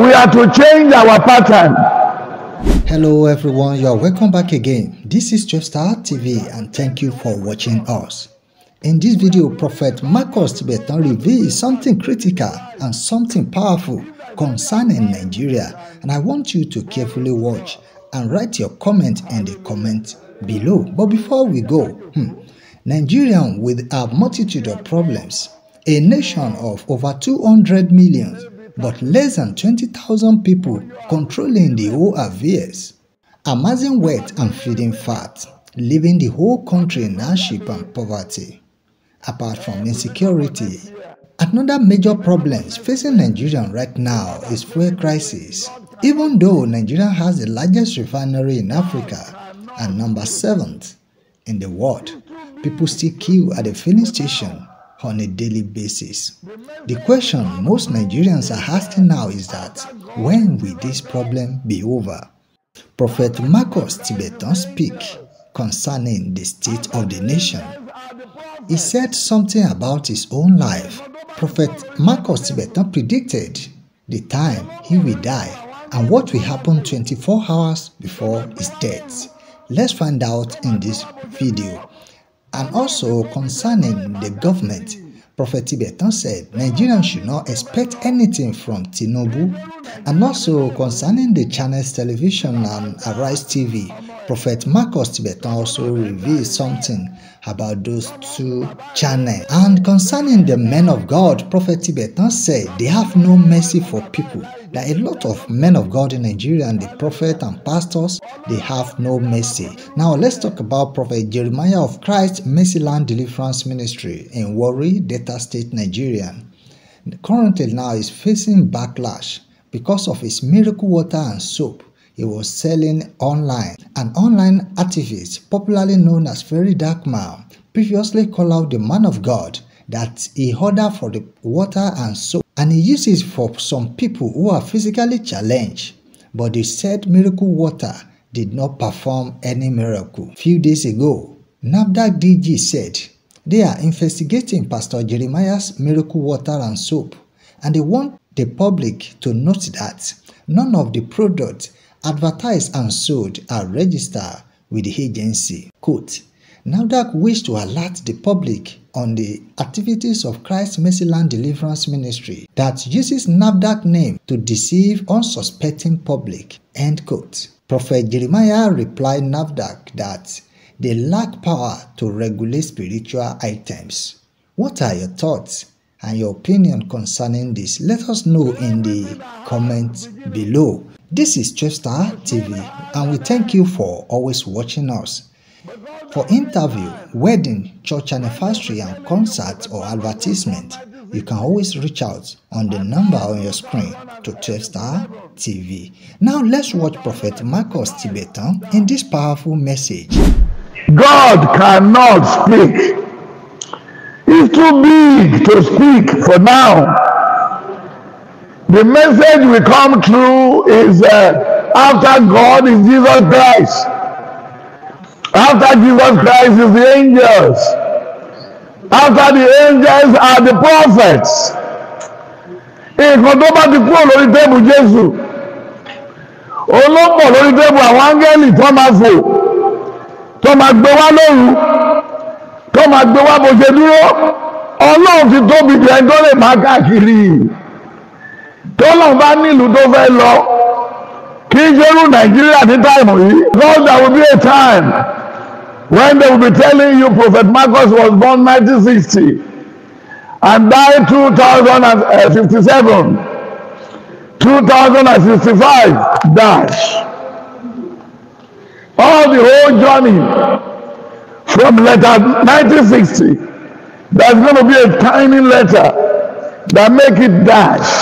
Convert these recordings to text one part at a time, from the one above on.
We are to change our pattern. Hello everyone, you are welcome back again. This is Jeffstar TV and thank you for watching us. In this video, Prophet Marcus Tibetan reveals something critical and something powerful concerning Nigeria and I want you to carefully watch and write your comment in the comment below. But before we go, hmm, Nigerians with a multitude of problems, a nation of over 200 million but less than 20,000 people controlling the whole affairs, amazing wealth and feeding fat, leaving the whole country in hardship and poverty. Apart from insecurity, another major problem facing Nigeria right now is fuel crisis. Even though Nigeria has the largest refinery in Africa and number 7th in the world, people still queue at the filling station on a daily basis. The question most Nigerians are asking now is that when will this problem be over? Prophet Marcus Tibetan speak concerning the state of the nation. He said something about his own life. Prophet Marcus Tibetan predicted the time he will die and what will happen 24 hours before his death. Let's find out in this video. and also concerning the government. Prophet Tibetan said Nigerians should not expect anything from Tinubu. And also concerning the channels television and Arise TV, Prophet Marcos Tibetan also revealed something about those two channels. And concerning the men of God, Prophet Tibetan said they have no mercy for people. There are a lot of men of God in Nigeria and the prophet and pastors, they have no mercy. Now let's talk about Prophet Jeremiah of Christ Mercy Land Deliverance Ministry in Warri, Delta State, Nigeria. Currently now is facing backlash because of his miracle water and soap he was selling online. An online activist, popularly known as Very Dark Man, previously called out the man of God that he ordered for the water and soap and he uses for some people who are physically challenged. But the said miracle water did not perform any miracle. Few days ago, NABDA DG said they are investigating Pastor Jeremiah's miracle water and soap and they want the public to note that none of the products advertised and sold are registered with the agency. Quote, NAFDAC wished to alert the public on the activities of Christ Mercyland Deliverance Ministry that uses NAFDAC name to deceive unsuspecting public. End quote. Prophet Jeremiah replied NAFDAC that they lack power to regulate spiritual items. What are your thoughts and your opinion concerning this? Let us know in the comments below. This is Chester TV, and we thank you for always watching us. For interview, wedding, church anniversary, and concert or advertisement, you can always reach out on the number on your screen to Chester TV. Now let's watch Prophet Marcus Tibetan in this powerful message. God cannot speak. It's too big to speak for now. The message we come through is uh, after God is Jesus Christ. After Jesus Christ is the angels. After the angels are the prophets. Nǹkan tó bá ti kúrò lórí tẹ́bù Jésù. Olóńgbò lórí tẹ́bù àwọn áńgẹ́lì tó máa fò. Tó máa gbé wá lóru. Tó máa gbé wá bó ṣe dúró. Ọlọ́run ti tóbi jù ẹni tó lè máa káàkiri tọ́lọ́n bá nílùú tó fẹ́ lọ kì í ṣerú nàìjíríà ní táìmù yìí God there will be a time when they will be telling you Prophet Marcus was born 1960 and died 2057 2065 dash all the whole journey from letter 1960 there's going to be a tiny letter that make it dash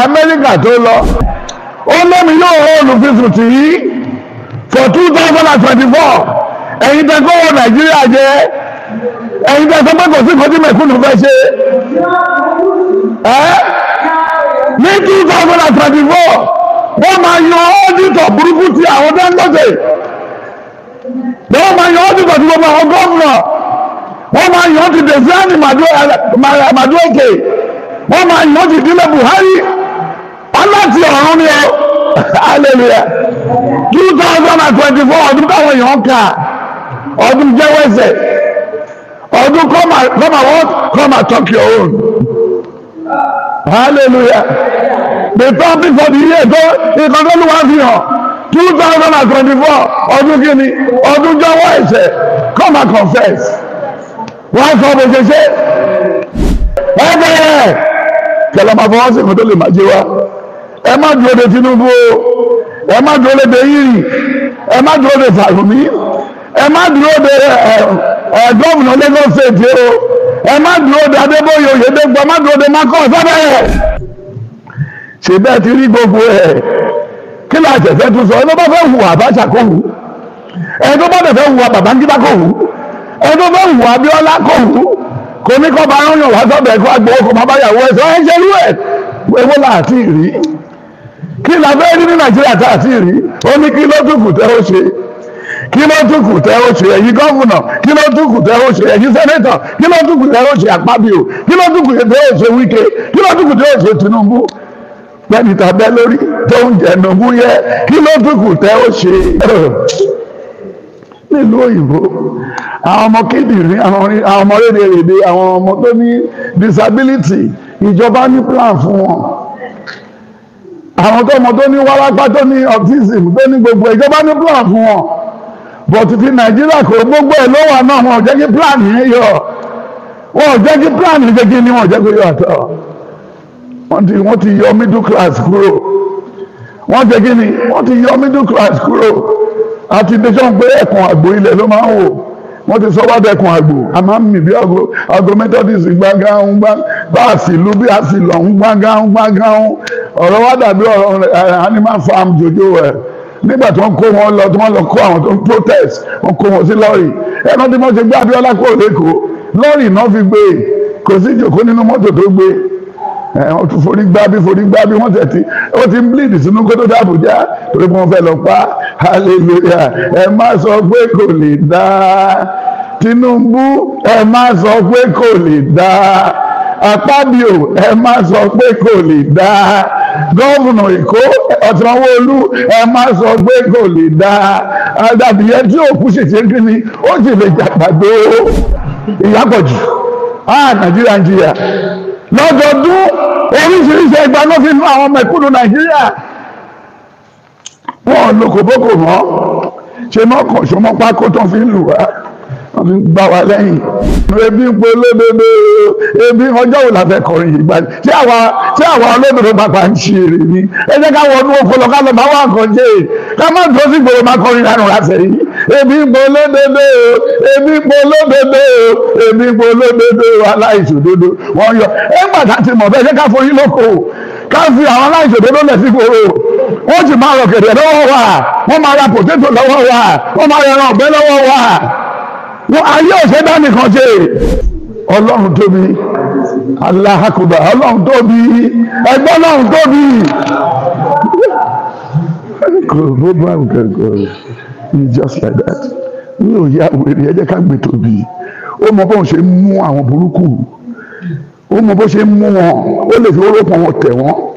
amẹ́ríkà tó lọ ó lẹ́mi yóò hóòlù fífùtì yìí for two thousand and twenty-four ẹ̀yin tẹ́ kó wọ nàìjíríà jẹ ẹ̀yin tẹ́ sọ pé kò sí kojú mẹ́kúnnù fẹ́ ṣe ẹ́ ní two thousand and twenty-four wọ́n máa yan ọ́dítọ̀ burúkú ti àwọn Dangote wọ́n máa yan ọ́dítọ̀ tí gbogbo àwọn gómìnà wọ́n máa yan ti dèsí àní màdúrókè wọ́n máa yan ti dílé Buhari aláti ọ̀run ni ọ hallelujah two thousand and twenty four ọdún táwọn èèyàn kà ọdún jẹ́wẹ́sẹ̀ come and come and what come and talk your own hallelujah the topic for the year tó ìkọ́jọ́ ló wá fi hàn two thousand and twenty four ọdún kìíní ọdún jẹ́wẹ́sẹ̀ come and confess wọ́n sọ bó ṣe ṣe ẹ bẹ̀rẹ̀ kẹlẹ́ máa fọwọ́ sí ìfọ́tò lè máa jẹ wá ẹ má dúró de Tinubu o ẹ má dúró de Deyiri ẹ má dúró de Sàrùmí ẹ má dúró de ẹ gómìnà Lagos State o ẹ má dúró de Adébóyè Oyèdèpọ̀ ẹ má dúró de Macron sábẹ́ ṣe bẹ́ẹ̀ ti rí gbogbo ẹ̀ kí ló àjẹsẹ́ tún sọ ẹ ló bá fẹ́ hùwà Abacha kò hù ẹ ló bá fẹ́ hùwà Babangida kò hù ẹ ló fẹ́ hùwà Abiola kò hù kò ní kọ́ bá ń yàn wá sọ́dọ̀ ẹ̀kọ́ àgbọ̀ ọkọ̀ bàbá yàwó ẹ̀ sọ ẹ ṣerú ẹ̀ ewó láti rí kí la fẹ́ rí ní nàìjíríà tá a ti rí ó ní kí ló tún kù tẹ́ ó ṣe kí ló tún kù tẹ́ ó ṣe ẹ̀yin gọ́fúnà kí ló tún kù tẹ́ ó ṣe ẹ̀yin sẹ́nẹ́tọ̀ kí ló tún kù tẹ́ ó ṣe àpábíò kí ló tún kù tẹ́ ó ṣe wíkẹ́ kí ló tún kù tẹ́ ó ṣe tinubu lẹ́ni tá a lórí tó ń jẹ̀nùmú yẹ kí ló tún kù tẹ́ ó ṣe nílùú òyìnbó àwọn ọmọ kíndìnrín àwọn ọmọ rédèrèdè àwọn ọmọ tó ní disability ìjọba ní plan fún wọn àwọn tó mọ tó ní wárápá tó ní autism tó ní gbogbo ìjọba ní plan fún wọn but ti nàìjíríà kò gbogbo ẹ̀ ló wà náà wọn ò jẹ́ kí plan yẹn yọ wọn ò jẹ́ kí plan yẹn jẹ́ kí ni wọn ò jẹ́ kó yọ àtọ̀ wọ́n ti wọ́n ti yọ middle class kúrò wọ́n jẹ́ kí ni wọ́n ti yọ middle class kúrò àti dẹ́sán pé ẹ̀kan àgbo ilẹ̀ ló máa ń wò wọ́n ti sọ wádẹ́kun àgbò a máa ń mì bí ọgọ methodist gbágáhùn báàsì ìlú bí àsì lọ́hún gbágáhùn gbágáhùn ọ̀rọ̀ wá dàbí ọ̀rọ̀ eh, animal farm jòjò ẹ̀ nígbà tí wọ́n kó wọn lọ tí wọ́n lọ kó àwọn tó ń protest wọ́n kó wọn sí lọ́ọ̀rì ẹ̀rọ tí wọ́n ti gbé Abíọ́lá kúrò lẹ́kọ̀ọ́ lọ́ọ̀rì náà fi gbé e. kò sí ìjòkó nínú mọ́tò tó gbé e wọ́n tún forí gbá bí forí gbá bí wọ́n tẹ̀ tí ó ti ń bleed sínú kótó dá Àbújá torí pé wọ́n fẹ́ lọ pa hallelujah ẹ má sọ pé kò lè dá Tinubu ẹ má sọ pé kò lè dá Akpabio ẹ má sọ pé kò lè dá gọ́vùnà Èkó Ọ̀túnwáwólú ẹ má sọ pé kò lè dá adàbíyẹ tí òkú ṣèṣe kí ni ó sì lè jàpàdé ìyàpọ̀jù ah Nàìjíríà ń lọ́dọọdún oríṣiríṣi ẹgbà ló fi nú àwọn ọmọ ìkúlù nàìjíríà wọn ò lòkòbókò mọ́ ṣe mọ́kànṣọ́mọ́pá kó tán fi ń lù wá wọ́n fi gbá lẹ́yìn. ebi ń pe ebi ọjọ́ wo la fẹ́ kọrin yìí gbà tí àwa tí àwa olódodo pàpà ń ṣe èrè ni ẹ jẹ́ ká wọnú òfò lọ ká lọ bá wà nǹkan jẹ́ ká má dúró sí gbòòrò má kọrin lánàá lásẹ̀ yìí. ebi ń pe ebi ń pe ebi ń pe olódodo aláìṣòdodo wọ́n yọ ẹ ń gbàdá ti mọ̀ bẹ́ẹ̀ jẹ́ ká foyín lóko ká fi àwọn aláìṣòdodo lẹ̀ sí gbòòrò wọ́n ti máa rọ̀ kẹ̀dẹ̀ lọ́wọ́ wa wọ́n máa ra pòtẹ́tò lọ́wọ́ wa wọ́n máa ra ọ̀bẹ lọ́wọ́ wa ayé òṣè bá nìkan ṣe ọlọ́run tóbi aláhàkùbà ọlọ́run tóbi ẹgbẹ́ ọlọ́run tóbi gbogbo àwọn kankan you just like that mi ò yá wèrè ẹ jẹ́ ká gbé tóbi ó mọ bóun ṣe mú àwọn burúkú ó mọ bó ṣe mú wọn ó lè fi orókùn wọn tẹ̀ wọ́n.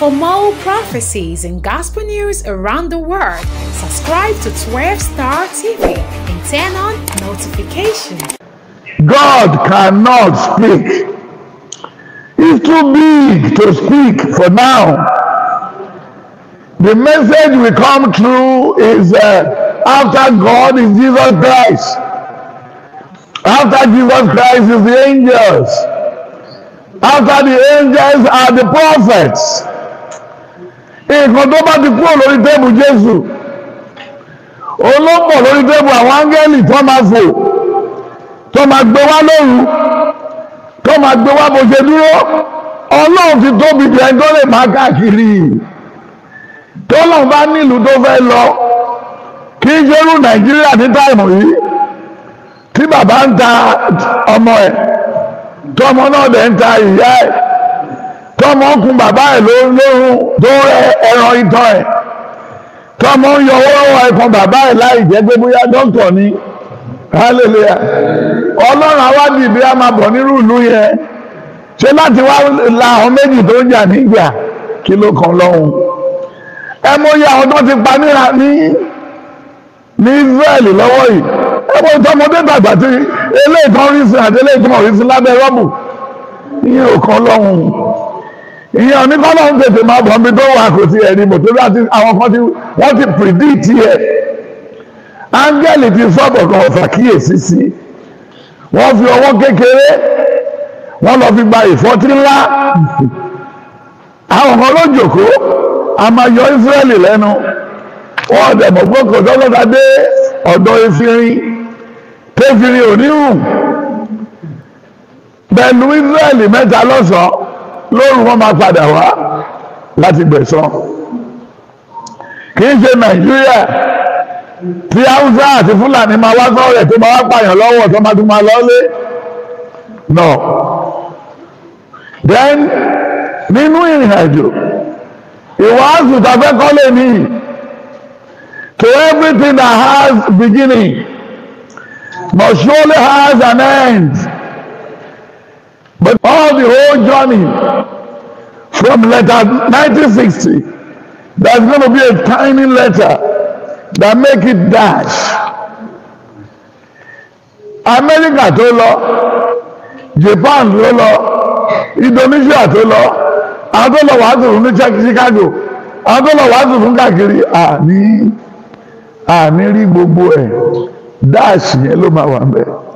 For more prophecies and gospel news around the world, subscribe to 12 Star TV and turn on notifications. God cannot speak. He's too big to speak for now. The message we come through is uh, after God is Jesus Christ. After Jesus Christ is the angels. After the angels are the prophets. nǹkan tó bá ti kúrò lórí tẹ́bù Jésù olóńgbò lórí tẹ́bù àwọn áńgẹ́lì tó máa fò tó máa gbé wá lóru tó máa gbé wá bó ṣe dúró ọlọ́run ti tóbi jù ẹni tó lè máa káàkiri tọ́lọ́run bá nílùú tó fẹ́ lọ kì í ṣerú Nàìjíríà ní táìmù yìí tí bàbá ń ta ọmọ ẹ̀ tọmọ náà dẹ̀ ń ta ìyá ẹ̀ tọ́mọ ọkùn bàbá ẹ̀ lórun tó ẹran ìtọ́ ẹ̀ tọ́mọ ń yọ ọwọ́ ẹ̀kan bàbá ẹ̀ láì jẹ́ pé bóyá dọ́kítọ̀ ni hallelujah ọlọ́run awádìí bí a máa bọ̀ nírú ìlú yẹn ṣe láti wá la àwọn méjì tó ń jà nígbà kí ló kan lọ́hùn ẹ mọ iye àwọn tó ti pa níra ní ní Israel lọ́wọ́ yìí ẹ mọ tọmọdé dàgbà tí eléyìí kan rí sí àti eléyìí kan rí sí lábẹ́ rọ́bù ìyẹn ò kan lọ́hùn ìyẹn oníkọ́lọ́ ń tètè máa bọ̀ níbi tó wà kò sí ẹni mọ̀ tó láti àwọn kan tí wọ́n ti pìrìdíìtì ẹ̀ áńgẹ́lì ti sọ̀bọ̀ kan ọ̀fà kíyèsí sí wọ́n fi ọwọ́ kékeré wọ́n lọ fi gba ìfọ́tí ńlá àwọn kan ló jòkó a máa yọ Ísírẹ́lì lẹ́nu wọ́n dẹ̀ mọ̀ pé kò tọ́kọ́ta dé ọ̀dọ̀ efirin tẹ́firin ò ní hù pẹ̀lú Ísírẹ́lì mẹ́ta lọ́sọ̀ọ́ lóru wọn máa padà wá láti gbẹ̀san kì í ṣe nàìjíríà tí haúsá àti fúlàní máa wá sọ́ọ̀rẹ̀ tó máa wá pààyàn lọ́wọ́ tó máa tún máa lọ́lé no then nínú ìrìn àjò ìwàásù tàfẹ́ kọ́lé ní to everything that has beginning must surely has an end. But all the whole journey from letter 1960, there's going to be a tiny letter that make it dash. America tó lọ, Japan tó lọ, Indonesia tó lọ, àwọn tó lọ wàásù fún ní Chicago, àwọn tó lọ wàásù fún káàkiri àní àní rí gbogbo ẹ̀ dáàsì yẹn ló máa wà bẹ́ẹ̀.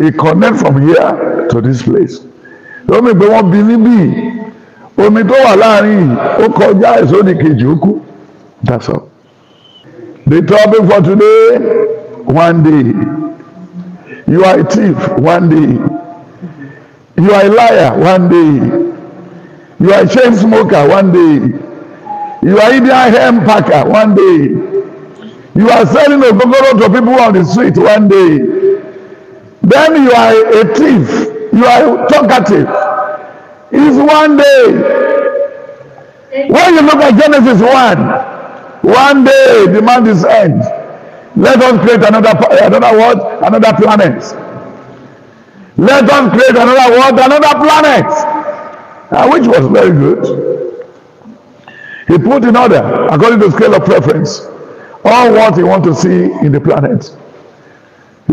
It connect from here to this place. Lómi pé wọ́n bi níbí omi tó wà láàrin ó kọjá ìsódì kejì ó kú. That's all. The topic for today, one day. You are a thief, one day. You are a liar, one day. You are a chain smoker, one day. You are Indian hem packer, one day. You are selling ogogoro to people on the street, one day. Then you are a thief. You are talkative. It's one day. When you look at Genesis 1, one day the man is end. Let us create another eh, another world, Another planet. Let us create another world, Another planet. Uh, which was very good. He put in order according to scale of preference all what he want to see in the planet.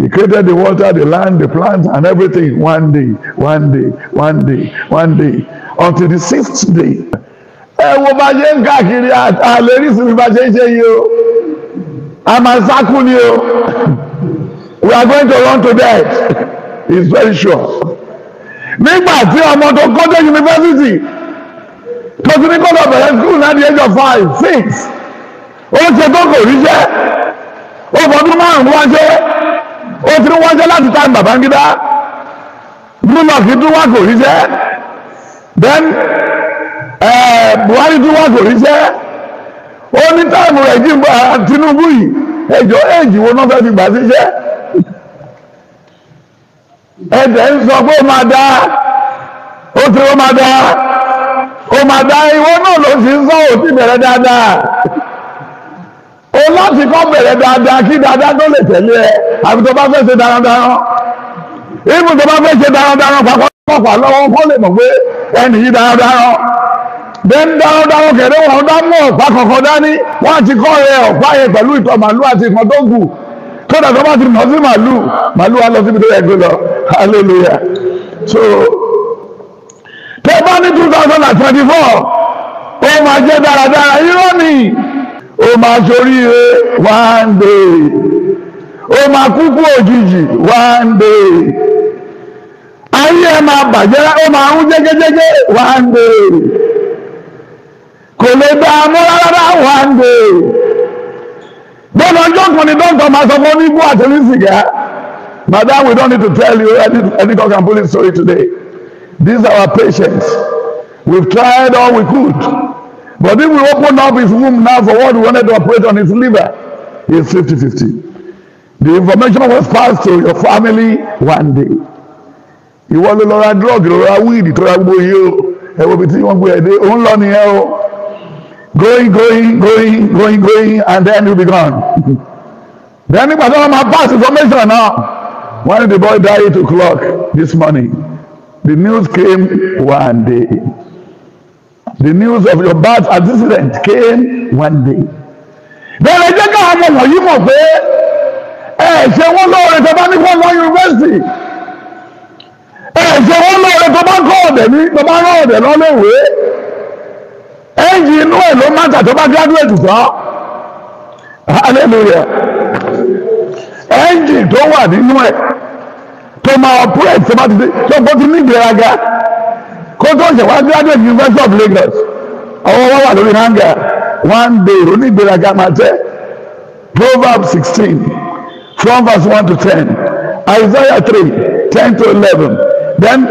He created the water, the land, the plants, and everything one day, one day, one day, one day, until the sixth day. Ẹ wo bá ṣe ń káàkiri àlérí sí bá ṣe ń ṣe yìí o. A máa sákú ni o. We are going to run to death. It's very sure. Nígbà tí ọmọ tó kọ́ dé yunifásitì tó ti ní kọ́ lọ bẹ̀rẹ̀ school náà di age of five, six. Ó ṣe tó kò ríṣẹ́. Ó fọdún márùn-ún wáṣẹ́ ó ti ń wáṣẹ́ láti ta Babangida Goodluck tún wá kò ríṣẹ́ then eh, Buhari tún wá kò ríṣẹ́ ó ní táìmù rẹ̀ jí ń bá Tinubu yìí ẹjọ́ èjì wo náà fẹ́ fi gbà síṣẹ́ ẹ̀jẹ̀ ń sọ pé ó máa dá ó ti ó máa dá ó máa dá ìwọ náà ló sì ń sọ òtí bẹ̀rẹ̀ dáadáa ó láti kọ́ bẹ̀rẹ̀ dáadáa kí dáadáa tó lè tẹ̀lé ẹ àbí tó bá fẹ́ ṣe darandaran ibù tó bá fẹ́ ṣe darandaran pàpàpàpà lọ́wọ́ kó lè mọ̀ pé ẹnì yìí darandaran bẹ́ẹ̀ ń darandaran kẹ̀lé wọn dá mọ́ ọ̀pá kọ̀ọ̀kan dání wọ́n ti kọ́ ẹ ọ̀pá yẹn pẹ̀lú ìtọ̀ màálù àti ìkan tó gù kódà tó bá ti nà sí màálù màálù wa lọ síbi tó yẹ gbé lọ hallelujah so tẹ́ bá ní two thousand and twenty four ó máa jẹ́ dáradára irọ́ ni ó máa ṣoríire one day ó máa kú kú òjijì one day ayé ẹ máa bàjẹ́ ó máa ń jẹ́gẹ́jẹ́gẹ́ one day kò lè bá a mú rárá one day bọ́ọ̀lù ọjọ́ kan ni dọ́ńtọ̀ máa sọ fún onígbó àtẹ̀lé sìgá madam we don't need to tell you any any kankan police story today these are our patients we've tried all we could but if we open up his womb now for what we wanted to operate on his liver he's fifty fifty the information was passed to your family one day ìwọ ló lọ ra drug lọ ra weed tó ra gbogbo yìí o ẹ̀wọ̀n bíi tí wọ́n gbé ẹ̀dẹ́ òun lọ nìyẹn o going going going going going and then you be gone then nígbà tí wọ́n máa pass information náà when the boy die eight o'clock this morning the news came one day the news of your birth accident came one day. bẹ́ẹ̀ ni jẹ́ ká àwọn wọ̀nyí mọ̀ pé. ẹ ṣe wọ́n lóore tó bá ní kó lọ yunifásitì ẹ ṣe wọ́n lóore tó bá kọ́ ọ̀dẹ̀ ní tó bá rán ọ̀dẹ̀ lọ́lẹ́wé ẹ̀yìn inú ẹ̀ ló máta tó bá hallelujah ẹ̀yìn tó wà nínú ẹ̀ tó máa operate tó bá ti dé tó bó ti ní graduate University of Lagos ọwọ́ wà lórí ìgbéraga máa sixteen. from verse 1 to 10, Isaiah 3, 10 to 11, then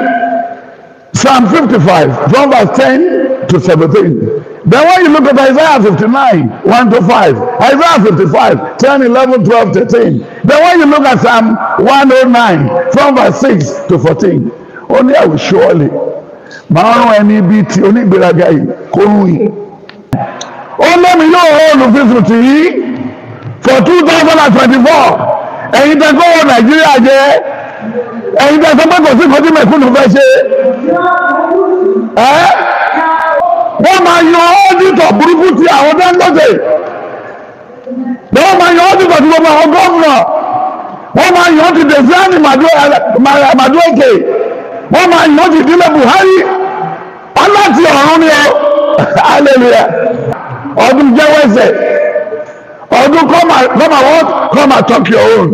Psalm 55, from verse 10 to 17. Then when you look at Isaiah 59, 1 to 5, Isaiah 55, 10, 11, 12, 13. Then when you look at Psalm 109, from verse 6 to 14, only I will surely. Màá rán ẹni bíi ti onígbèraga yìí kó rú yìí. Ó lẹ́mi yóò rán olùfisùn tì for two thousand and twenty-four. ẹ̀yin tẹ́ kó wọ nàìjíríà jẹ ẹ̀yin tẹ́ sọ pé kò sí kojú mẹ̀kúnnù fẹ́ ṣe ẹ́ wọ́n máa ọ́dítọ̀ burúkú ti àwọn Dangote wọ́n máa yan ọ́dítọ̀ ti gbogbo àwọn gómìnà wọ́n máa yan ti dẹ̀síánì eh, wọ́n máa ti Buhari ọ hallelujah ọdún jẹ́wọ́ ọdún come and come and what come and talk your own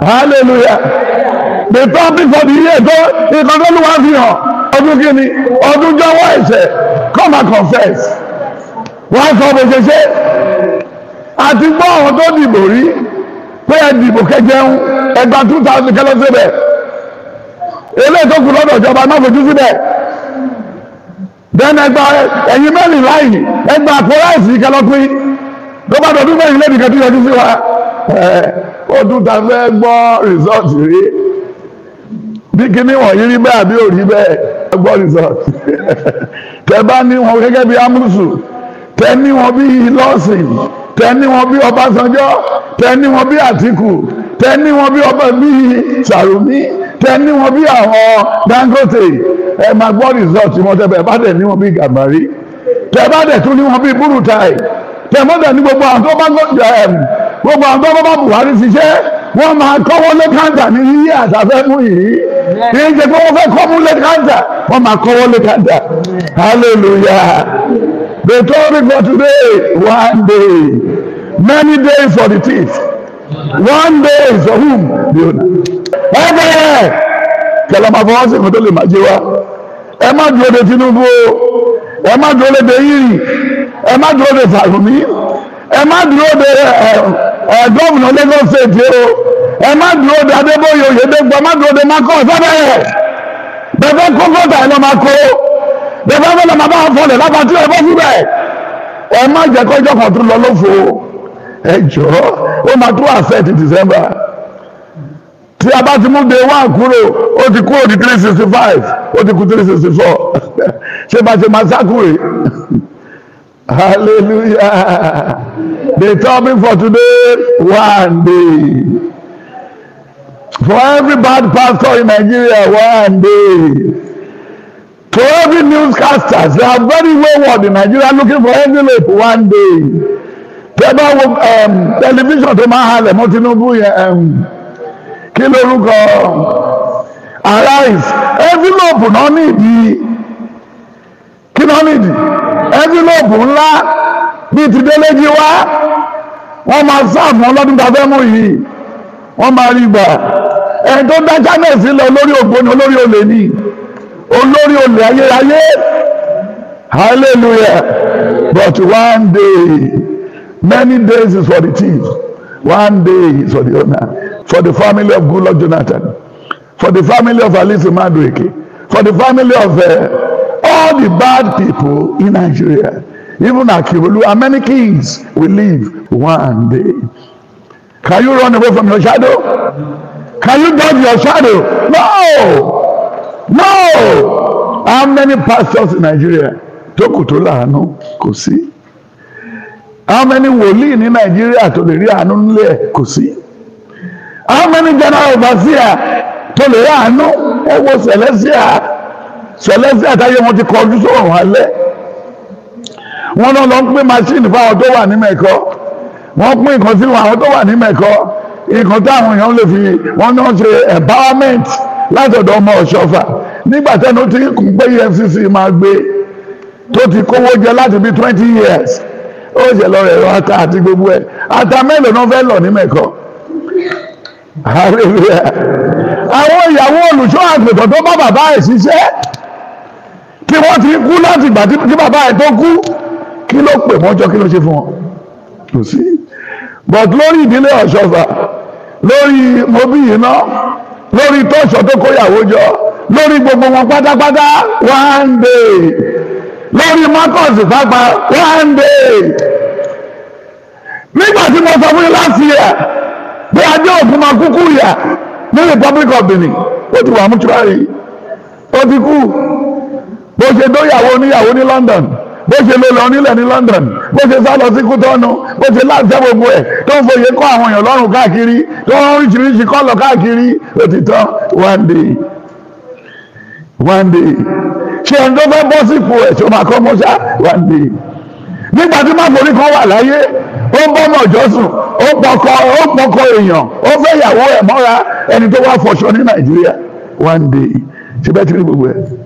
hallelujah the topic for the year tó ìkọ́sọ́lùwà fi hàn ọdún kìíní ọdún jọ̀wọ́ ẹ̀ṣẹ̀ come and confess wọ́n á sọ bó ṣe ṣe àti gbọ́ àwọn tó dìbò rí pé ẹ dìbò kẹjẹun ẹgbà two thousand kẹlẹ́ síbẹ̀ eléyìí tó kù lọ́dọ̀ ìjọba náà fojú síbẹ̀ bẹ́ẹ̀ ẹgbà ẹ̀yin mẹ́rin láì ẹgbà àpò láìsí kẹlọ́pin ló bá dọ̀dún mẹ́rin lẹ́bi kan tó yọjú sí wa ọdún ta fẹ́ gbọ́ rìsọ́ọ̀tì rí bí kíní wọ̀nyí rí bẹ́ẹ̀ àbí òrí bẹ́ẹ̀ gbọ́ rìsọ́ọ̀tì tẹ bá ní wọn gẹ́gẹ́ bí amúsù tẹ ní wọn bí lọ́sìn tẹ ní wọn bí Ọbásanjọ́ tẹ ní wọn bí Àtìkù tẹ ní wọn bí ọba bí Sàrùmí tẹ ní wọn bí àwọn Dangote ẹ máa gbọ́ rìsọ́ọ̀tì wọn tẹ bẹ́ẹ̀ bá dẹ̀ ní wọn bí Gàmbàrí tẹ bá dẹ̀ tún ní wọn bí Burútai tẹ̀mọ́tẹ̀ ní gbogbo àwọn tó bá gbogbo àwọn tó bá Buhari ṣiṣẹ́ wọ́n máa kọ́wọ́ lé káńtà ní yíyí àtàfẹ́ mú yìí kì í ṣe pé wọ́n fẹ́ kọ́ mú lé káńtà wọ́n máa kọ́wọ́ lé káńtà hallelujah the story for today one day many days for the thief one day for whom the owner. ẹ bẹ́ẹ̀ kẹlẹ́ máa fọwọ́ sí ìfọ́tò lè máa jẹ wá ẹ má dúró de Tinubu o ẹ má dúró de Yìí ẹ má dúró de Sàlùmí ẹ má dúró de ẹ gọ́vùnà Lagos State o ẹ má dúró de Adébóyè Oyèdègbọ ẹ má dúró de Marcus sábẹ́ bẹ́ẹ̀ kó kóta ẹ lọ́ máa kó bẹ́ẹ̀ bá lọ́ máa bá fọlẹ̀ lápá tí ẹ bọ́ síbẹ̀ ẹ má jẹ́ kọjọ́ kan tó lọ lófo ẹ jọ ó máa tó àṣẹ ti December tí a bá ti mú day one kúrò ó ti kúrò ní three sixty five ó ti kú three sixty four ṣé bá ṣe máa ṣákùrè. Hallelujah. The topic for today, one day. For every bad pastor in Nigeria, one day. To every newscaster, they are very wayward in Nigeria looking for envelope one day. Tẹ́bá wo um, tẹlifíṣàn tó máa halẹ̀ mọ́ Tinubu yẹn um, kí lorúkọ Arise envelope náà nìdí pírámìdì ẹ́ńfílọ́ọ̀bù ńlá bíi ti déléjì wá wọ́n máa sáàmù ọlọ́dún tàbẹ́ mú yìí wọ́n máa rí gbà ẹni tó dá china sílẹ̀ olórí ògbóni olórí olè ní olórí olè ayérayé hallelujah but one day many days is for the thief one day is for the owner for the family of Goodluck Jonathan for the family of Alice Madueke for the family of. Uh, all the bad people in Nigeria, even Akiwulu, and many kings will live one day. Can you run away from your shadow? Can you dodge your shadow? No! No! How many pastors in Nigeria? Tókù tó láàánú kò How many wòlíì in Nigeria? tó lè rí àánú nílé How many general overseer tó lè rí àánú owó Celestia? sọlẹ́sì àtàyè wọn ti kọjú sọ̀rọ̀ wọn lẹ́ wọn náà lọ ń pín machine fáwọn tó wà ní mẹ́kọ́ wọ́n pín nǹkan sí àwọn tó wà ní mẹ́kọ́ nǹkan táwọn èèyàn lè fi wọ́n náà ṣe empowerment látọ̀dọ̀ ọmọ ọ̀ṣọ́fà nígbà tẹ́nu tí kò pé EFCC máa gbé tó ti kówó jẹ láti bí twenty years ó ṣe lọ rẹ̀ ata àti gbogbo ẹ̀ ata mélòó náà fẹ́ lọ ní mẹ́kọ́ àwọn ìyàwó olùṣọ́ àgbẹ̀tọ̀ tó bá bàbá ẹ̀ ṣiṣẹ́ kí wọ́n ti kú láti ìgbà tí bàbá ẹ̀ tó kú kí ló pè mọ́jọ́ kí ló ṣe fún wọn kò sí but lórí ìdílé ọ̀ṣọ́fà lórí mobí iná lórí tọ́ṣọ̀ tó kóyàwó jọ lórí gbogbo wọn pátápátá one day lórí marcus pápá one day nígbà tí mo sọ fún yín last year bí ajé òkú máa kúkú yà ní republic of benin ó ti wà mú tíwárì ó ti kú bó ṣe dóyàwó oníyàwó ní London bó ṣe ló lọ nílẹ̀ ní London bó ṣe sá lọ sí Kútọ́nù bó ṣe láti gbogbo ẹ̀ tó ń fòye kọ́ àwọn èèyàn lọ́rùn káàkiri tó ń oríṣiríṣi kọ́lọ̀ káàkiri òtítọ́ one day one day ṣé ẹni tó fẹ́ bọ́ sípò ẹ̀ tó máa kọ́ mọ́ṣá one day nígbà tí máforí kan wà láyé ó ń bọ́mọ̀ jọ́sùn ó pọkọ ó pọkọ èèyàn ó fẹ́ ìyàwó ẹ̀ mọ́ra ẹni tó wá fọṣọ ní Nàìjíríà one day ṣe bẹ́ẹ̀ ti rí gbogbo ẹ̀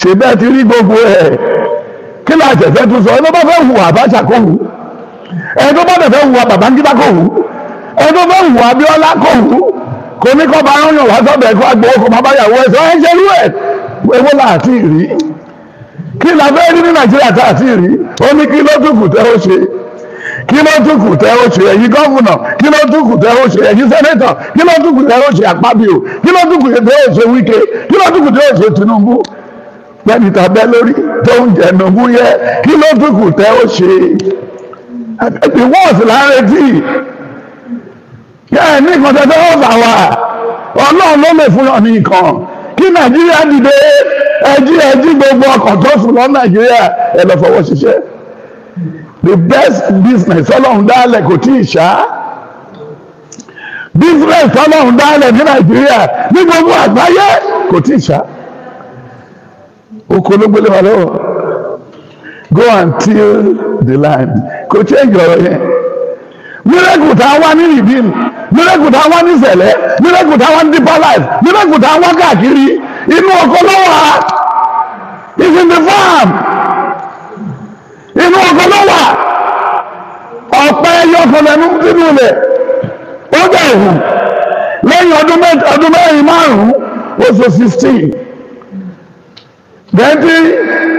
ṣe bẹ́ẹ̀ ti rí gbogbo ẹ̀ kí la jẹ̀fẹ́ tó sọ ẹni tó bá fẹ́ hùwà Abacha kò hù ẹni tó bá fẹ́ hùwà Babangida kò hù ẹni tó fẹ́ hùwà Abiola kò hù kò ní kọ́ bá ń yàn wá sọ́bẹ̀ kó agbowó kò má bá yàwó ẹ̀sọ́ ẹ̀ ṣe rú ẹ̀ ewó láti rí kí la fẹ́ rí ní Nàìjíríà tá àti rí ó ní kí ló tún kù tẹ́ ó ṣe kí ló tún kù tẹ́ ó ṣe ẹ̀yin gọ́fúnà kí ló tún kù tẹ́ ó ṣe ẹ̀yin sẹ́nẹ́tọ̀ kí ló tún tẹ́ ó ṣe Akpabio kí ló tún tẹ́ ó ṣe Wike kí ló tún tẹ́ ó ṣe Tinubu pẹ́ni tàbẹ́ lórí tó ń jẹ̀nà múyẹ́ kí ló tún kù tẹ́ ó ṣe ìwọ́ọ̀sì láretí kí ẹ ní nǹkan tẹ́tẹ́ ó bà wá ọlọ́run ló lè fún ọ ní nǹkan kí nàìjíríà dìde ẹjí ẹjí gbogbo ọkọ̀ tó fún lọ nàìjíríà ẹ lọ fọwọ́ ṣiṣẹ́ the best business ọlọ́run dálẹ̀ kò tí ì ṣá business ọlọ́run dálẹ̀ ní nàìjíríà ní gbogbo àgbáyé kò tí ì ṣá oko ló gbélé wa lọ́wọ́ go and till the land kò change ọ̀rọ̀ yẹn miracle tá a wá ní redeem miracle tá a wá ní sẹ̀lẹ̀ miracle tá a wá ní deeper life miracle tá a wá káàkiri inú oko lọ́wọ́ is in the farm inú oko lọ́wọ́ ọ̀pẹ ẹyọ fọlẹ́nu nínú ilẹ̀ ó dẹ̀ hù lẹ́yìn ọdún mẹ́rin márùn-ún oṣù sixteen gẹ̀ẹ́tì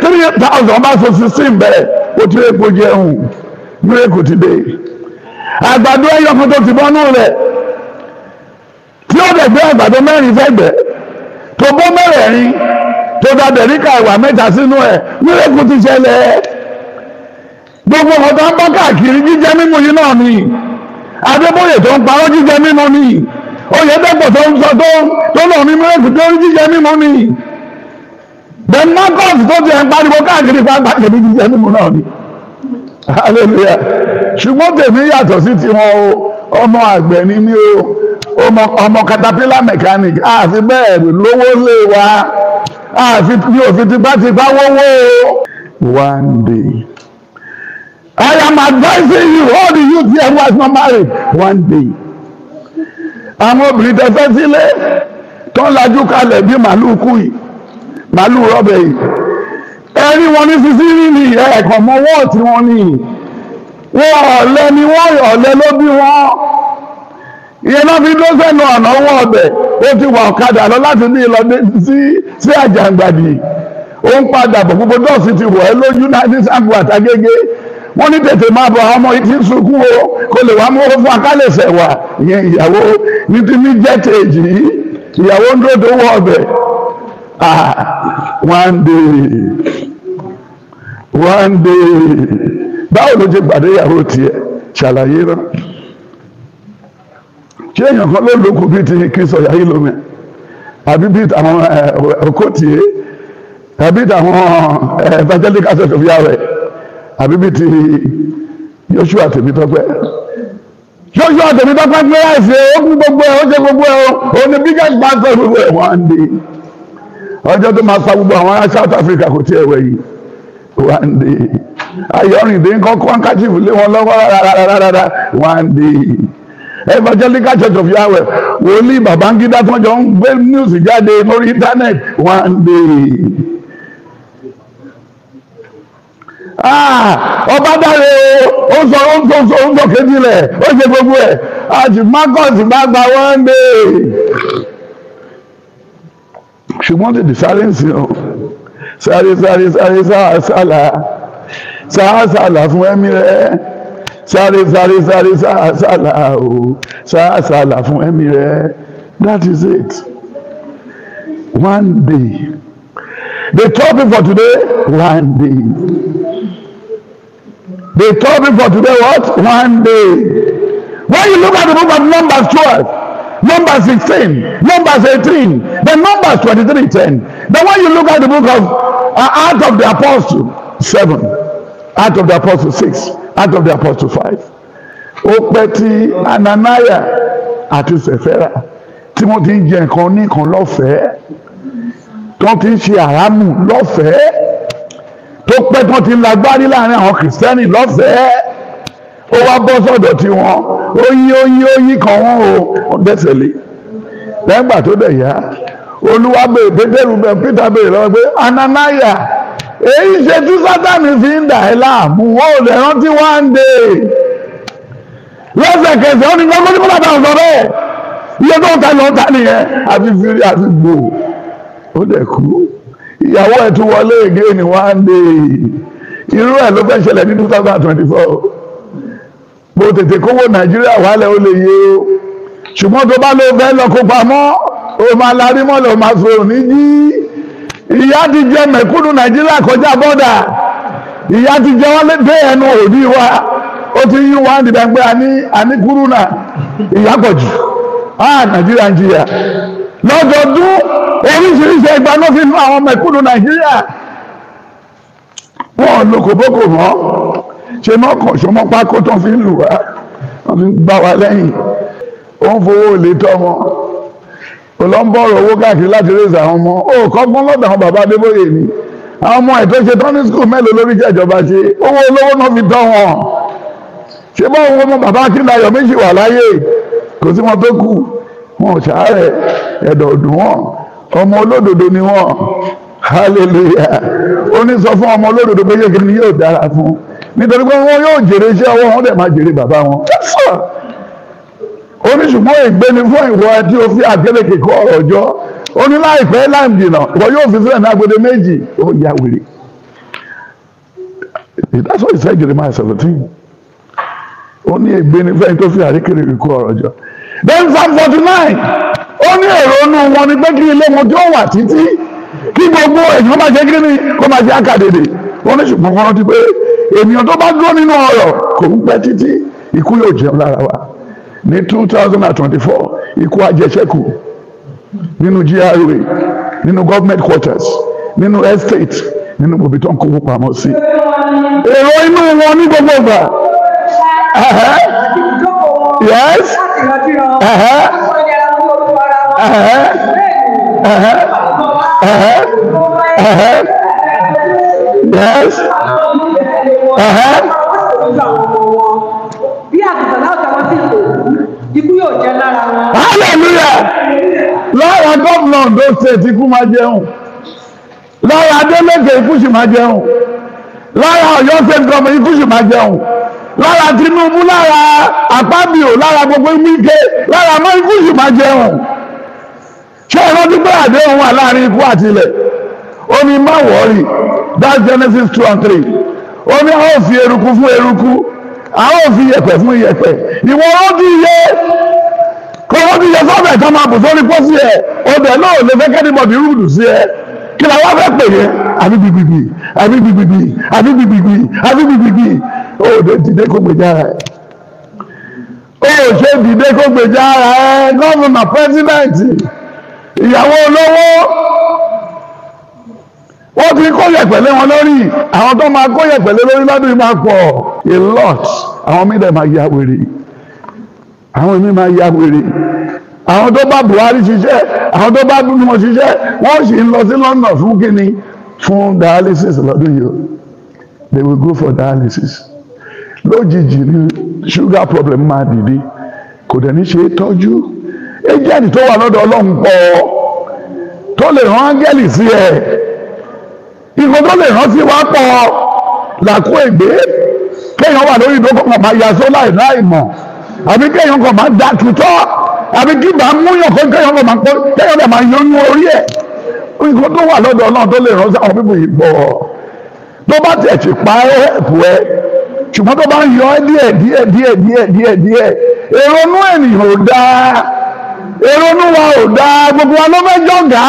three thousand ọba so sixteen bẹ̀rẹ̀ ó ti rẹ̀ kó jẹ́ ẹ̀hún mírèkù ti dé àgbàdo ẹ̀yọkùn tó ti bọ́nú rẹ̀ tí ó dẹ̀ gbé àgbàdo mẹ́rin fẹ́gbẹ́ tó bọ́ mẹ́rẹ̀ẹ̀rin tó da dẹ̀ríkà ìwà mẹ́ta sínú ẹ̀ mírèkù ti ṣẹlẹ̀ gbogbo ọ̀tá ń bọ́ káàkiri jíjẹ mímu yìí náà ni adébóyè tó ń parọ́ jíjẹ mímu ni oyèdèpọ̀ tó ń sọ tó lọ ní mírèkù tó ń jíjẹ mímu ni the knockout tó ti ẹ̀ káàkiri pàápàá kìíní ti nínú náà ni hallelujah ṣùgbọ́n tèmi yàtọ̀ sí tiwọn o ọmọ àgbẹ̀ ni mí o ọmọ caterpillar mechanic àfi bẹ́ẹ̀ lówó lè wa àfi mi ò fi tipátipá wówó o. one day I am advising you all the youth here who has not married one day àwọn obìnrin tẹ fẹ́ sílé tó ń lajú kalẹ̀ bí màlúù kù yìí màálù rọ́bẹ̀ yìí ẹni wọn ní sísírì ní ẹ̀ẹ̀kan mọ́ wọ́ọ̀ tí wọ́n ní wọ́n ọ̀lẹ ni wọ́n ọ̀lẹ ló bí wọ́n ìyẹn náà fi ló sẹ́nu ọ̀nà owó ọbẹ̀ ó ti wà ọ̀kadà lọ láti ní ìlọ sí àjàǹgbàdì ó ń padà bọ̀ gbogbo dọ́ọ̀sì ti wọ̀ ẹ́ lójú united sango àtàgégé wọ́n ní tètè máa bọ̀ ọmọ yìí ti ń sunkún o kò lè wá mú owó fún akálẹ̀sẹ̀ wà ìyẹn ìyàwó ní ti ní jẹ́tẹ̀ẹ́jì yìí ìyàwó ń dúró tó wọ ọbẹ̀ Ah, one day one day báwo ló ṣe pàdé ìyàwó tiẹ̀ ṣàlàyé náà kí èèyàn kan ló lóko bíi ti kírísọ yàrá ìlú mi àbí bíi àwọn ọkọ̀tìyé eh, àbí bíi àwọn eh, evangelic access of yahweh àbí bíi ti Joshua Tèmítọ́pẹ́ Joshua Tèmítọ́pẹ́ gbé láìsí ó kún gbogbo ẹ̀ ó ṣe gbogbo ẹ̀ ó ní bíkẹ́ gbàtọ́ gbogbo ẹ̀ wọ́n á ń dé. ọjọ́ tó máa pa gbogbo àwọn ará South Africa kò tiẹ̀ wẹ̀ yìí one day ayọ̀rìndé ń lé wọn lọ́wọ́ one day evangelical church of yahweh wòlíì babangida tó jọ ń gbé news jáde lórí internet one day. Ah, ọba dáre sọ tó sọ ó tó kejì ṣùgbọ́n tètè sáré ń sìn o sáré sáré sáré sáàsálà sáàsálà fún ẹ̀mí rẹ sáré sáré sáré sáàsálà o sáàsálà fún ẹ̀mí rẹ that is it one day the topic for today one day the topic for today what one day when you look at the book of Numbers twelve. Numbers 16, Numbers 18, the Numbers 23, 10. The way you look at the book of uh, Acts of the Apostle 7, Acts of the Apostle 6, Acts of the Apostle 5. Opeti pẹ́ tí Ananiah àti Sẹ̀fẹ́rà tí wọ́n ti ń jẹ nǹkan oníkan lọ́fẹ̀ẹ́ tó ti ń ṣe àrámù lọ́fẹ̀ẹ́ tó pẹ́ tó ti ń lágbárí láàrin àwọn kìrìsìtẹ́nì lọ́fẹ̀ẹ́ ó wá bọ́ sọ́dọ̀ tiwọn oyin oyin oyin kan wọn o dẹ́sẹ̀ lé lẹ́gbà tó dẹ̀ yá olúwa bèrè pétérù bẹ pété bèrè lọ́wọ́ pé ananaya èyí ṣe tí sátani fi ń dà ẹ́ láàmú wọn ò lè rántí one day lẹ́sẹ̀kẹsẹ̀ ó ní gbọ́dọ̀ ní kọ́lá bá ń sọ bẹ́ẹ̀ iye tó ń ta ló ń ta nìyẹn àfi firi àfi gbò ó dẹ̀ kú ìyàwó ẹ̀ tún wọlé again one day irú ẹ̀ ló fẹ́ ṣẹlẹ̀ ní two thousand twenty four bó tètè kówó nàìjíríà wálẹ̀ ó lè yé o ṣùgbọ́n tó bá lọ bẹ́ẹ̀ lọ kó pamọ́ o máa larí mọ́lẹ̀ o máa sọ òní jí ìyá ti jẹ mẹ̀kúnnù nàìjíríà kọjá bọ́dà ìyá ti jẹ wọ́n dé ẹnu òbí wa ó ti yí wọn dìbẹ̀ pé àní kúrú náà ìyá pọ̀ jù á nàìjíríà ń jìyà lọ́dọọdún oríṣiríṣi ẹgbà ló fi mú àwọn mẹ̀kúnnù nàìjíríà wọn ò lókòbókò mọ́ ṣe mọ́kàn ṣọmọ́ pákó tó fi ń lù wá wọ́n fi ń gbá wa lẹ́yìn ó ń fowó olè tọ́mọ olóńbọ̀rọ̀ owó káàkiri láti rèézà àwọn ọmọ ó kọ́gbọ́n lọ́dọ̀ àwọn bàbá Adébóyè ni àwọn ọmọ ètò ṣe tán ní skul mélòó lórí ìjọba ṣe owó olówó náà fi tọ́ wọn ṣé bá wọn ọmọ bàbá Akínláyọ̀ méjì wà láyé kò sí wọn tó kù wọn ò ṣàárẹ̀ ẹ̀dọ̀ ọ̀dùn wọn ọmọ olódodo ni wọn hallelujah ó ní sọ fún ọmọ olódodo pé yóò dára fún un nítorí pé wọn yóò jèrè iṣẹ́ ọwọ́ wọn dẹ̀ máa jèrè bàbá wọn. ó ní ṣùgbọ́n ìgbéni fún ìwọ tí o fi àgélékè kọ ọ̀rọ̀ jọ ó ní láìpẹ́ láì dìnà ìwọ yóò fi sílẹ̀ ní agbede méjì ó ya wèrè. that's what he said Jeremiah seventeen ó ní ìgbéni fún ìwọ tó fi àgélékè kọ ọ̀rọ̀ jọ. then Psalm forty nine ó ní èrò inú wọn ni pé kí ilé wọn tí ó wà títí kí gbogbo èèyàn máa jẹ́ kí ni kó máa jẹ́ àkàdédé wọ́n ní ṣùgbọ́n wọ́n rántí pé ènìyàn tó bá dúró nínú ọ̀rọ̀ kò ń pẹ́ títí ikú yóò jẹun lára wa ní two thousand and twenty-four ikú ajẹsẹ́kù nínú GRA nínú government quarters nínú estate nínú bòbí tó ń kówó pamọ́ sí. èrò inú wọn ní gbogbo ìgbà. yes. yes hallelujah lára gómìnà Ondo State ikú máa jẹun lára Adeleke ikú sì máa jẹun lára Ọ̀yọ́ State gómìnà ikú sì máa jẹun lára Tinubu lára Akpabio lára gbogbo Wike lára mọ ikú sì máa jẹun ṣé ọ̀rọ̀ dúpẹ́ àdéhùn wà láàrin ikú àti ilẹ̀ ó ní má wọ́ọ̀rì that's Genesis two and three ó ní a ó fi eruku fún eruku a ó fi iyẹ̀pẹ̀ fún iyẹ̀pẹ̀ ìwọ ó di iye kó ó di iye sọ́bẹ̀ kan máa bù sórí pósí ẹ̀ ọbẹ̀ náà lè fẹ́ kẹ́ni bọ̀dì rúdù sí ẹ kí la wá fẹ́ pè yẹn àbí gbìgbìgbì àbí gbìgbìgbì àbí gbìgbìgbì àbí gbìgbìgbì ó lè dìde kó gbèjà rẹ̀ ó ṣe dìde kó gbèjà rẹ̀ gọ́ọ̀mù wọ́n ti kó yẹ̀pẹ̀lẹ́ wọn lórí àwọn tó máa kó yẹ̀pẹ̀lẹ́ lórí lọ́dún yìí máa pọ̀ a lot àwọn míì dẹ̀ máa ya wèrè àwọn míì máa ya wèrè àwọn tó bá Buhari ṣiṣẹ́ àwọn tó bá dúdú wọn ṣiṣẹ́ wọ́n sì ń lọ sí London fún kíni fún dialysis lọ́dún yìí they will go for dialysis lójijì ni sugar problem máa dìde kò dẹ̀ ní ṣe tọ́jú agent tó wà lọ́dọ̀ Ọlọ́run pọ̀ tó lè rán áńgẹ́lì sí ẹ̀ nǹkan tó lè rántí wá pọ̀ làkú ègbé kéèyàn wà lórí ìdókòwò máa yà só láì láì mọ̀ àbí kéèyàn kò máa da tutọ́ àbí kí bá múyàn kó kéèyàn kò máa kó kéèyàn kò máa yọnu orí ẹ̀ nǹkan tó wà lọ́dọ̀ náà tó lè rántí àwọn bíbù yìí bọ̀ tó bá tẹ̀ ti pa ẹ̀pù ẹ ṣùgbọ́n tó bá ń yọ ẹ́ díẹ̀ díẹ̀ díẹ̀ díẹ̀ díẹ̀ díẹ̀ èrònú ènìyàn ò dáa èrònú wa ò dáa gbogbo wa ló fẹ́ jọ̀gá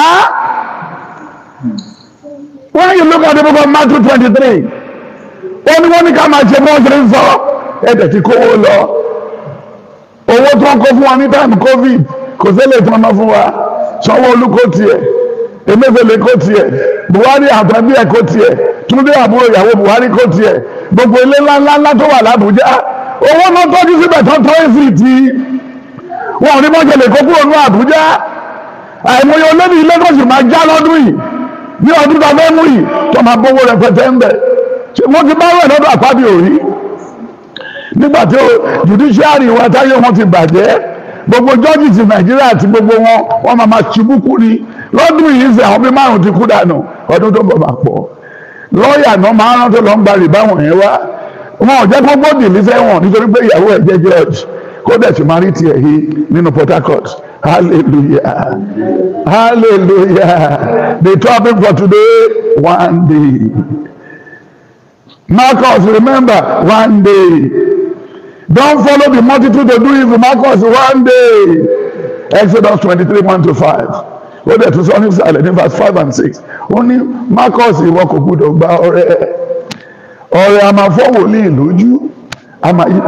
When you look at the book of Matthew 23, wọ́n one wọ́n ní ká máa ṣe bí wọ́n ṣe ń sọ ẹ̀dẹ̀ tí kówó lọ. Owó tó ń kó fún wa ní time COVID kò sẹ́lẹ̀ tí wọ́n ná fún wa. Sanwó-Olú kó tiẹ̀, Emefiele kó tiẹ̀, Buhari àtàbí ẹ̀ kó tiẹ̀, Túndé àbúrò ìyàwó Buhari kó tiẹ̀. Gbogbo ilé ńláńlá ńlá tó wà l'Àbújá. Owó náà tọ́jú síbẹ̀ tán tọ́ èsì tí wọ́n rí mọ́jẹ̀lẹ̀ kó kúrò ní Àbújá. Àìmọye olóbi ilé kọ̀ọ̀sì máa já lọ́dún yìí bí ọdún bá fẹ́ mú yìí tó máa bówó rẹpẹtẹ ń bẹ̀ ṣé wọ́n ti bá wẹ̀ lọ́dọ̀ àpábí òrí nígbà tí judiciary wa táyé wọn ti bàjẹ́ gbogbo judges ti nàìjíríà àti gbogbo wọn wọn máa ma ṣubúkú ni lọ́dún yìí ṣe àwọn bíi márùn ti kú dànù ọdún tó bọ̀ bá pọ̀ lọ́ọ̀yà náà máa rán tó lọ ń balẹ̀ báwọn yẹn wá wọn ò jẹ́ gbogbo dìlísẹ́ wọn nítorí pé ìyàwó ẹ̀ jẹ́ judge kó dẹ̀ sì máa rí tiẹ̀ yìí nínú Port Harcourt Hallelujah. Hallelujah. The topic for today, one day. Marcus, remember, one day. Don't follow the multitude to do evil. Marcus, one day. Exodus 23, 1 to 5. ó dẹ̀ tún sọ ní ìsàlẹ̀ ní verse five and six ó ní Marcus ìwọ kò gbọdọ̀ gba ọrẹ ọrẹ àmàfọwò ní ìlójú àmàyí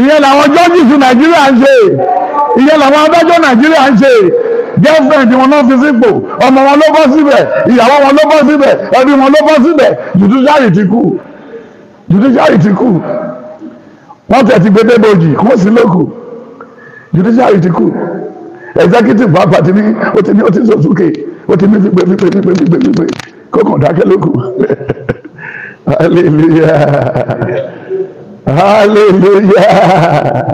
ìyẹn làwọn jọ́jìsì nàìjíríà ń ṣe ìyẹn làwọn adájọ́ nàìjíríà ń ṣe girlfriend wọn náà fi sípò ọmọ wọn ló bọ́ síbẹ̀ ìyàwó wọn ló bọ́ síbẹ̀ ẹbí wọn ló bọ́ síbẹ̀ judiciary ti kú judiciary ti kú wọ́n tẹ̀ ti kó sí lókù judiciary ti kú executive pàápàá ti ní ó ti ní ó ti sọ sókè ó ti ní fígbé fígbé fígbé fígbé kókàn dákẹ́ lókù. hallelujah hallelujah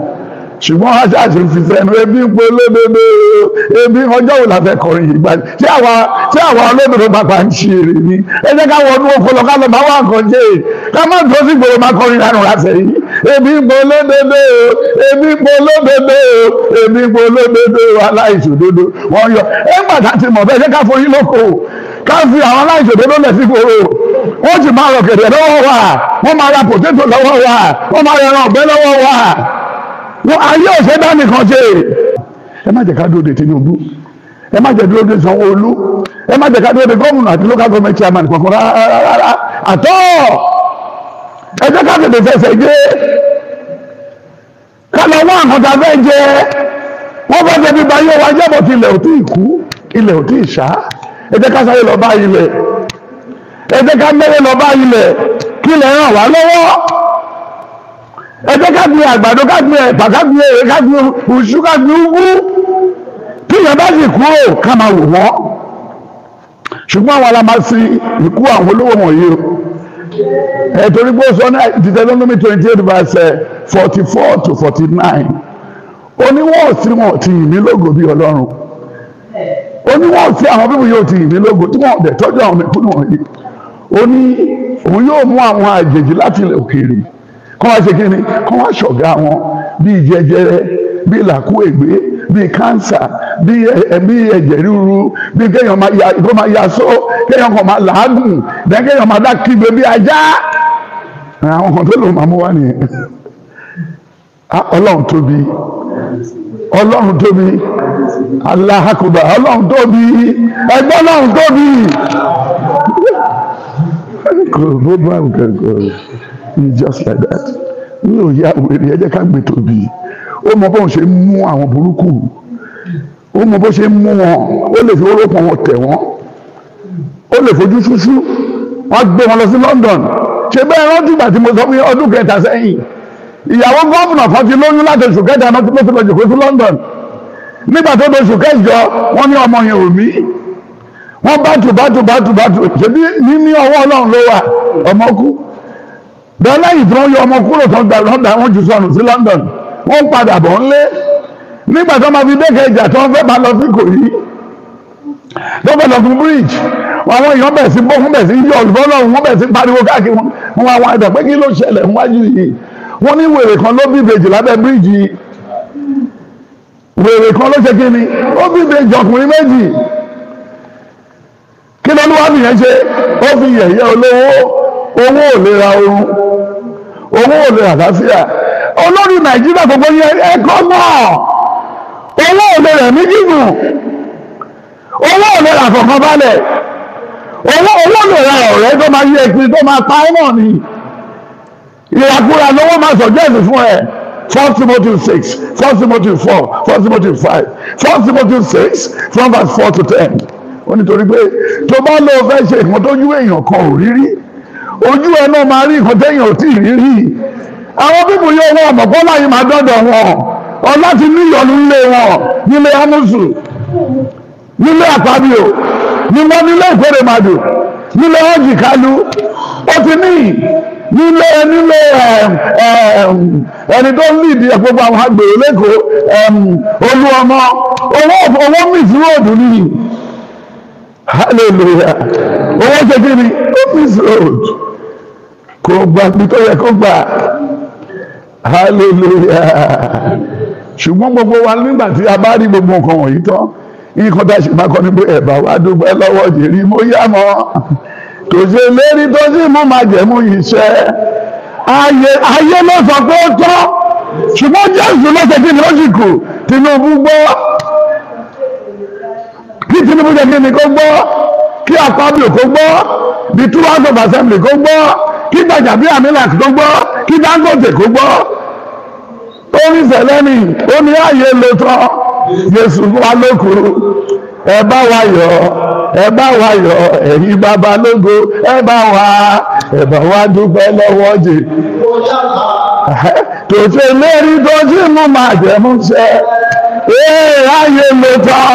ṣùgbọ́n ajá ṣe fi sẹ́nu ebi ń pe olódodo ebi ọjọ́ wo la fẹ́ kọrin yìí gbani tí àwa tí àwa olódodo pàpà ń ṣe èrè ni ẹ jẹ́ ká wọnú oko ká lọ bá wà nǹkan jẹ́ ká má dúró sí gbòòrò má kọrin lánàá lásẹ̀ yìí ebi ń pe olódodo ebi ń pe olódodo ebi ń pe olódodo aláìṣòdodo wọ́n yọ ẹ gbàtà ti mọ̀ bẹ́ẹ̀ jẹ́ ká foyín lóko ká fi àwọn aláìṣòdodo lẹ̀ sí gbòòrò wọ́n ti máa rọ gẹ̀dẹ̀ lọ́wọ́ wa wọ́n máa ra pòtẹ́tò lọ́wọ́ wa wọ́n máa ra ẹran ọ̀bẹ lọ́wọ́ wa wọ́n ayé ọ̀sẹ̀ bá nìkan ṣe. ẹ má jẹ́ ká dúró de Tinubu ẹ má jẹ́ dúró de Sanwó-Olú ẹ má jẹ́ ká dúró de gómìnà àti local government chairman kankan rárá àtọ́ ẹ jẹ́ ká tètè fẹsẹ̀ gbé kálọ̀ wọ́n àkọ́tà fẹ́ jẹ wọ́n fẹ́ jẹ bíbá yóò wá jẹ́bọ̀ tí ilẹ̀ ò tí ì kú ilẹ̀ ò tí ì ṣá ẹ jẹ́ ká sáré lọ bá ilẹ̀ ẹ jẹ́ ká mẹ́rẹ̀ lọ bá ilẹ̀ kí ilẹ̀ ràn wá lọ́wọ́ ẹ jẹ́ ká gbin àgbàdo ká gbin ẹ̀pà ká gbin èrè ká gbin iṣu ká gbin úgú tí ìyẹn bá sì kúrò ká máa wò wọ́n ṣùgbọ́n àwọn alamasi ikú àwọn olówó wọ̀nyí o ẹ torí pé ó sọ ní Deuteronomy twenty eight verse forty four to forty nine oníwọ̀n sí wọn ti yìn mí lógo bí Ọlọ́run oníwọ̀n sí àwọn bíbí yóò ti yìn mí lógo tí wọ́n dẹ̀ tọ́jú àwọn ẹ̀kú náà yìí ó ní òun yóò mú àwọn àjèjì láti ilẹ̀ òkèèrè kọ́ wá ṣe kí ni kọ́ wá ṣọ̀gá wọn bíi jẹjẹrẹ bíi làkúègbé bíi kánsà bíi ẹ̀jẹ̀ ríru bíi kéèyàn kó máa yasọ́ kéèyàn kó máa làágùn dẹ́ kéèyàn máa dákìgbé bíi ajá àwọn kan tó lò máa mú wá nìyẹn ọlọ́run tóbi ọlọ́run tóbi Allahu ọlọ́run tóbi ẹgbẹ́ ọlọ́run tóbi program kankan it's just like that mi ò yá wèrè ẹ jẹ́ ká gbé tóbi ó mọ bóun ṣe ń mú àwọn burúkú ó mọ bó ṣe ń mú wọn ó lè fi orókùn wọn tẹ̀ wọ́n ó lè fojú ṣúṣú wọ́n gbé wọn lọ sí London ṣe bẹ́ẹ̀ rántí ìgbà tí mo sọ fún ọdún kẹta sẹ́yìn ìyàwó gómìnà kan ti lóyún láti oṣù kẹta náà tó fi lọ jòkó sí London nígbà tó do oṣù kẹjọ wọ́n ní ọmọ yẹn ò mí wọ́n bátù bátù bátù bátù ṣebí níní ọwọ́ ọlọ́run ló wà ọmọ kú bẹ́ẹ̀ lẹ́yìn tí wọ́n yọ ọmọ kúrò tó ń gba London wọ́n jù sọnù sí London wọ́n ń padà bọ̀ ńlé nígbà tó máa fi dẹ́kẹ̀ ìjà tó ń fẹ́ máa lọ sí kò yí tó fẹ́ lọ fún bridge àwọn èèyàn bẹ̀ sí bọ́ fún bẹ̀ sí yọ ìbọn lọ́run wọ́n bẹ̀ sí pariwo káàkiri wọn wọn àwọn ẹ̀dọ̀ pé kí ló ṣẹlẹ̀ níwájú yìí wọ́n ní wèrè kan ló bí ìbejì lábẹ́ bridge yìí wèrè kan ló ṣe kí ni ó kí ló ní wàá nìyẹn ṣe ó fi yẹ̀yẹ́ olówó owó ò lè ra ooru owó ò lè ra àlàáfíà olórí nàìjíríà gbogbo yẹn ẹ̀kọ́ náà owó ò lè rẹ̀ mí gígùn owó ò lè ra àfọ̀kànbalẹ̀ owó owó lè ra tó máa yẹ kiri tó máa pa ọmọ ni ìrakúra lówó máa sọ jẹ́ẹ̀sì fún ẹ first timothy six first timothy four first timothy five first timothy six from verse four to ten ó nítorí pé tó bá lọ fẹ́ ṣe nǹkan tójú èèyàn kan ò rí rí ojú ẹ náà máa rí nǹkan téèyàn ò tí ì rí rí àwọn pípù yóò wọ ọ̀mọ̀pọ̀ láyé máa dọ́dọ̀ wọn ọlá ti níyọnu nílé wọn nílé amusu nílé àpábíò nílé nílé ìkórèmàdò nílé ọjìkálú ó ti ní nílé nílé ẹni tó ń lìdí gbogbo àwọn agbèrè lẹ́kọ̀ọ́ olú ọmọ owó mìtì ròdù nìyí hallelujah owó ṣe kí ni office road kò gbà bí tó yẹ kó gbà hallelujah ṣùgbọ́n gbogbo wa nígbà tí a bá rí gbogbo nǹkan wọ̀nyí tán nǹkan tá a ṣe máa kọ́ ni pé ẹ̀bà wa dúpẹ́ lọ́wọ́ jèrí mo yá mọ́ kò ṣe lérí tó sì mú máa jẹ̀mú yìí ṣẹ́ ayé ló sọ pé ó tọ́ ṣùgbọ́n Jésù ló kí ni ó sì kù Tinubu gbọ́ kí Tinubu jẹ́ kí ni kó gbọ́ kí Akpabio kó gbọ́ bí two house of assembly kó gbọ́ kí Gbajabi Amilak kó gbọ́ kí Dangote kó gbọ́ orin sẹlẹ́ni ó ní ààyè lótọ́ Jésù wa lókùrú ẹ bá wa yọ̀ ẹ bá wa yọ̀ ẹ̀yin bàbá lógo ẹ bá wa ẹ bá wa dúpẹ́ lọ́wọ́ jè tó ṣe lérí tó ṣe mú màjẹ̀mú ẹ ààyè lótọ́.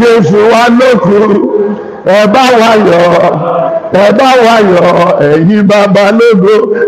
Jésù wa lókù ẹ bá wa yọ̀ ẹ bá wa yọ̀ ẹ̀yin bàbá lógo.